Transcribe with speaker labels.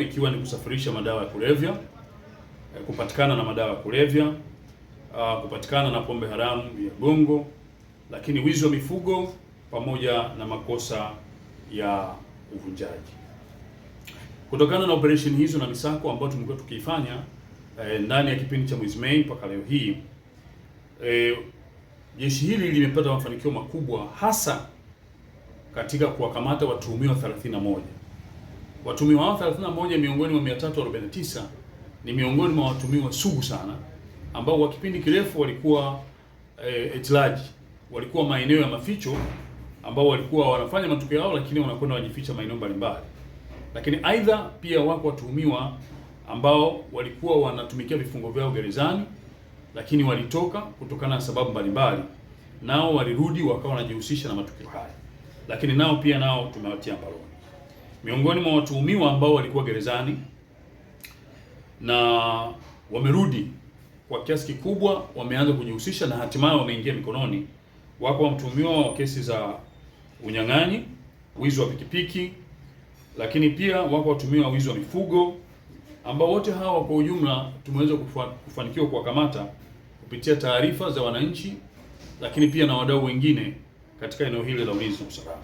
Speaker 1: ikiwa ni kusafirisha madawa ya kulevya, eh, kupatikana na madawa ya kulevya, ah, kupatikana na pombe haramu ya gongo, lakini wizi wa mifugo pamoja na makosa ya uvunjaji. Kutokana na operesheni hizo na misako ambayo tumekuwa tukiifanya eh, ndani ya kipindi cha mwezi Mei mpaka leo hii eh, jeshi hili limepata mafanikio makubwa hasa katika kuwakamata watuhumiwa 31 Watumiwa hao 31 miongoni mwa 349 ni miongoni mwa watumiwa sugu sana ambao kwa kipindi kirefu walikuwa eh, at large, walikuwa maeneo ya maficho ambao walikuwa wanafanya matukio yao, lakini wanakwenda wajificha maeneo mbalimbali. Lakini aidha pia wako watuhumiwa ambao walikuwa wanatumikia vifungo vyao gerezani, lakini walitoka kutokana na sababu mbalimbali, nao walirudi wakawa wanajihusisha na matukio haya, lakini nao pia nao tumewatia mbaroni miongoni mwa watuhumiwa ambao walikuwa gerezani na wamerudi kwa kiasi kikubwa, wameanza kujihusisha na hatimaye wameingia mikononi. Wako mtuhumiwa wa kesi za unyang'anyi, wizi wa pikipiki, lakini pia wako watuhumiwa wizi wa mifugo, ambao wote hawa kwa ujumla tumeweza kufa, kufanikiwa kuwakamata kupitia taarifa za wananchi, lakini pia na wadau wengine katika eneo hili la ulinzi na usalama.